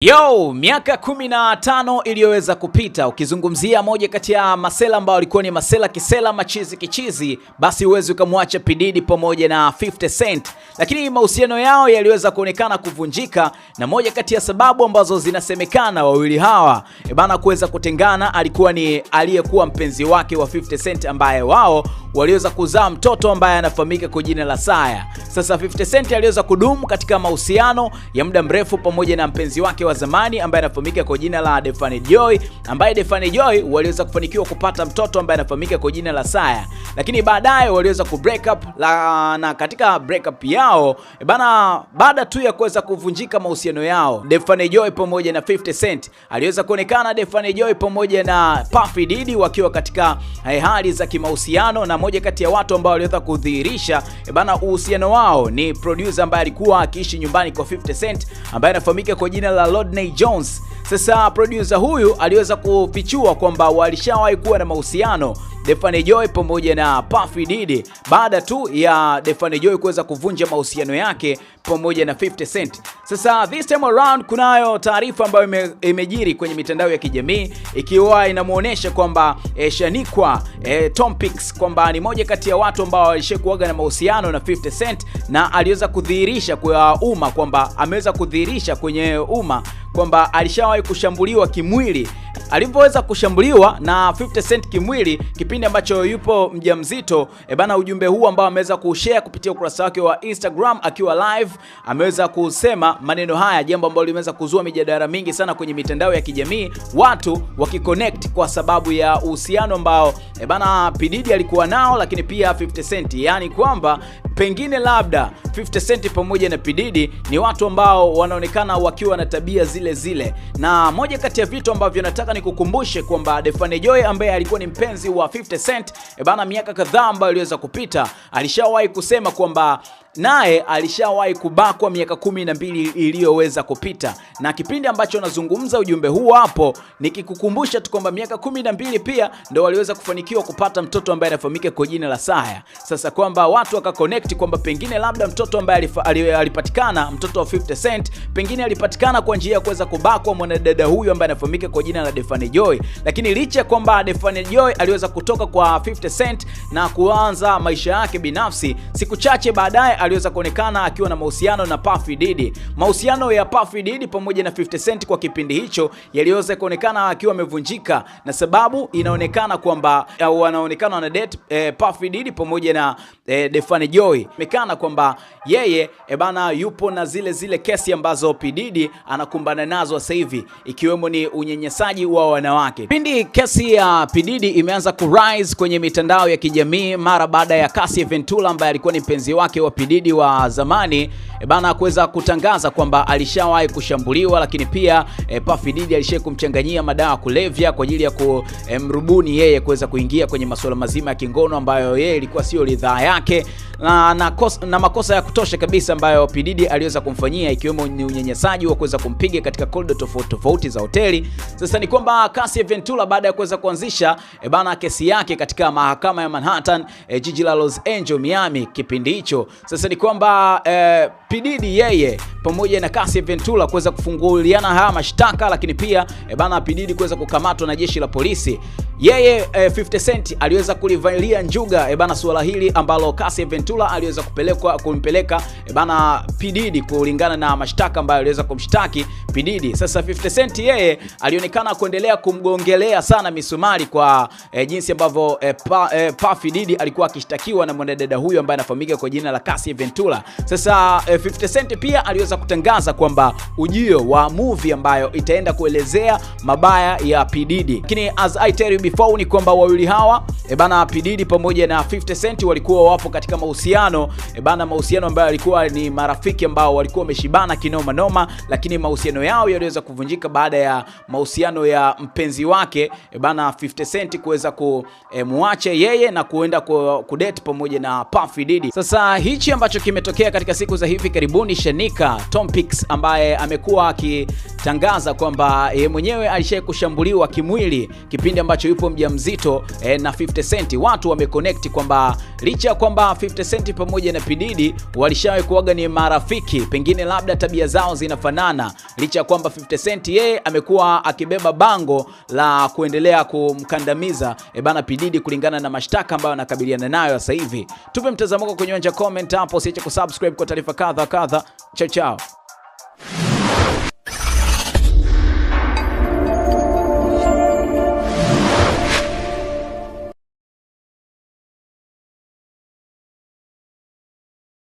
Yo, miaka kumi na tano iliyoweza kupita, ukizungumzia moja kati ya masela ambao walikuwa ni masela kisela machizi kichizi, basi huwezi ukamwacha pididi pamoja na 50 Cent, lakini mahusiano yao yaliweza kuonekana kuvunjika, na moja kati ya sababu ambazo zinasemekana wawili hawa ebana bana kuweza kutengana alikuwa ni aliyekuwa mpenzi wake wa 50 Cent ambaye wao waliweza kuzaa mtoto ambaye anafahamika kwa jina la Saya. Sasa 50 Cent aliweza kudumu katika mahusiano ya muda mrefu pamoja na mpenzi wake wa zamani ambaye anafahamika kwa jina la Defani Joy, ambaye Defani Joy waliweza kufanikiwa kupata mtoto ambaye anafahamika kwa jina la Saya, lakini baadaye waliweza ku break up la, na katika break up yao eh, bana, baada tu ya kuweza kuvunjika mahusiano yao Defani Joy pamoja na 50 Cent aliweza kuonekana Defani Joy pamoja na Puffy Diddy wakiwa katika eh, hali za kimahusiano na moja kati ya watu ambao waliweza kudhihirisha eh, bana uhusiano wao ni producer ambaye alikuwa akiishi nyumbani kwa 50 Cent ambaye anafahamika kwa jina la Rodney Jones sasa producer huyu aliweza kufichua kwamba walishawahi kuwa na mahusiano Defani Joy pamoja na Puffy Diddy baada tu ya Defani Joy kuweza kuvunja mahusiano yake pamoja na 50 Cent. Sasa this time around kunayo taarifa ambayo ime, imejiri kwenye mitandao ya kijamii ikiwa inamuonesha kwamba e, eh, Shanikwa e, eh, Tompix kwamba ni moja kati ya watu ambao walishakuaga na mahusiano na 50 Cent na aliweza kudhihirisha kwa uh, umma kwamba ameweza kudhihirisha kwenye uh, umma kwamba alishawahi kushambuliwa kimwili alivyoweza kushambuliwa na 50 Cent kimwili kipindi ambacho yupo mjamzito. E bana, ujumbe huu ambao ameweza kushare kupitia ukurasa wake wa Instagram akiwa live ameweza kusema maneno haya, jambo ambalo limeweza kuzua mijadala mingi sana kwenye mitandao ya kijamii, watu wakiconnect kwa sababu ya uhusiano ambao e bana, pididi alikuwa nao, lakini pia 50 Cent, yaani kwamba pengine labda 50 Cent pamoja na pididi ni watu ambao wanaonekana wakiwa na tabia zile zile, na moja kati ya vitu ambavyo nataka nikukumbushe kwamba Defany Joy ambaye alikuwa ni mpenzi wa 50 Cent e bana, miaka kadhaa ambayo iliweza kupita alishawahi kusema kwamba naye alishawahi kubakwa miaka kumi na mbili iliyoweza kupita, na kipindi ambacho nazungumza ujumbe huu hapo, nikikukumbusha tu kwamba miaka kumi na mbili pia ndo waliweza kufanikiwa kupata mtoto ambaye anafahamika kwa jina la Saya. Sasa kwamba watu wakaconnect kwamba pengine labda mtoto ambaye alipatikana, mtoto wa 50 Cent, pengine alipatikana kwa njia ya kuweza kubakwa mwanadada huyu ambaye anafahamika kwa jina la Defani Joy, lakini licha kwamba Defani Joy aliweza kutoka kwa 50 Cent na kuanza maisha yake binafsi, siku chache baadaye aliweza kuonekana akiwa na mahusiano na Puffy Diddy. Mahusiano ya Puffy Diddy pamoja na 50 Cent kwa kipindi hicho yaliweza kuonekana akiwa amevunjika, na sababu inaonekana kwamba wanaonekana wana date eh, Puffy Diddy pamoja na eh, Defani Joy. Imekana kwamba yeye e bana yupo na zile zile kesi ambazo P Diddy anakumbana nazo sasa hivi ikiwemo ni unyenyesaji wa wanawake. Pindi kesi ya P Diddy imeanza ku rise kwenye mitandao ya kijamii mara baada ya Cassie Ventura ambaye alikuwa ni mpenzi wake wa P Diddy wa zamani e bana kuweza kutangaza kwamba alishawahi kushambuliwa, lakini pia e, Puff Diddy alishawahi kumchanganyia madawa kulevya kwa ajili ya kumrubuni eh, yeye kuweza kuingia kwenye masuala mazima ya kingono ambayo yeye ilikuwa sio ridhaa yake na, na, kosa, na makosa ya kutosha kabisa ambayo pididi aliweza kumfanyia ikiwemo ni unyanyasaji wa kuweza kumpiga katika korido tofauti tofauti za hoteli. Sasa ni kwamba Cassie Ventura baada ya kuweza kuanzisha e bana kesi yake katika mahakama ya Manhattan e, jiji la Los Angeles Miami kipindi hicho. Sasa ni kwamba e, P yeye pamoja na Cassie Ventura kuweza kufunguliana haya mashtaka, lakini pia e bana P kuweza kukamatwa na jeshi la polisi. Yeye e, eh, 50 Cent aliweza kulivalia njuga eh, bana, suala hili ambalo Cassie Ventura aliweza kupelekwa kumpeleka eh, bana PDD kulingana na mashtaka ambayo aliweza kumshtaki PDD. Sasa 50 Cent yeye alionekana kuendelea kumgongelea sana misumari kwa e, jinsi ambavyo e, pa, e, pa Diddy alikuwa akishtakiwa na mwanadada huyo ambaye anafahamika kwa jina la Cassie Ventura. Sasa e, 50 Cent pia aliweza kutangaza kwamba ujio wa movie ambayo itaenda kuelezea mabaya ya pdd Lakini as I tell you before ni kwamba wawili hawa e bana pamoja na 50 Cent walikuwa wapo katika mahusiano e bana, mahusiano ambayo yalikuwa ni marafiki ambao walikuwa wameshibana kinoma noma, lakini mahusiano yao yaliweza kuvunjika baada ya mahusiano ya mpenzi wake e bana 50 Cent kuweza kumwacha e, yeye na kuenda kudate pamoja na Puff Diddy. Sasa hichi ambacho kimetokea katika siku za hivi karibuni, Shanika Tompkins ambaye amekuwa akitangaza kwamba yeye mwenyewe alishaye kushambuliwa kimwili kipindi ambacho yupo mjamzito eh, na 50 Cent. Watu wameconnect kwamba licha ya kwamba 50 Cent pamoja na pididi walishawahi walishawekuaga ni marafiki, pengine labda tabia zao zinafanana, licha ya kwamba 50 Cent yeye amekuwa akibeba bango la kuendelea kumkandamiza eh, bana pididi kulingana na mashtaka ambayo anakabiliana nayo sasa hivi. Tupe mtazamo wako kwenye uwanja comment hapo, usiache kusubscribe kwa taarifa kadha kadha. Chao chao.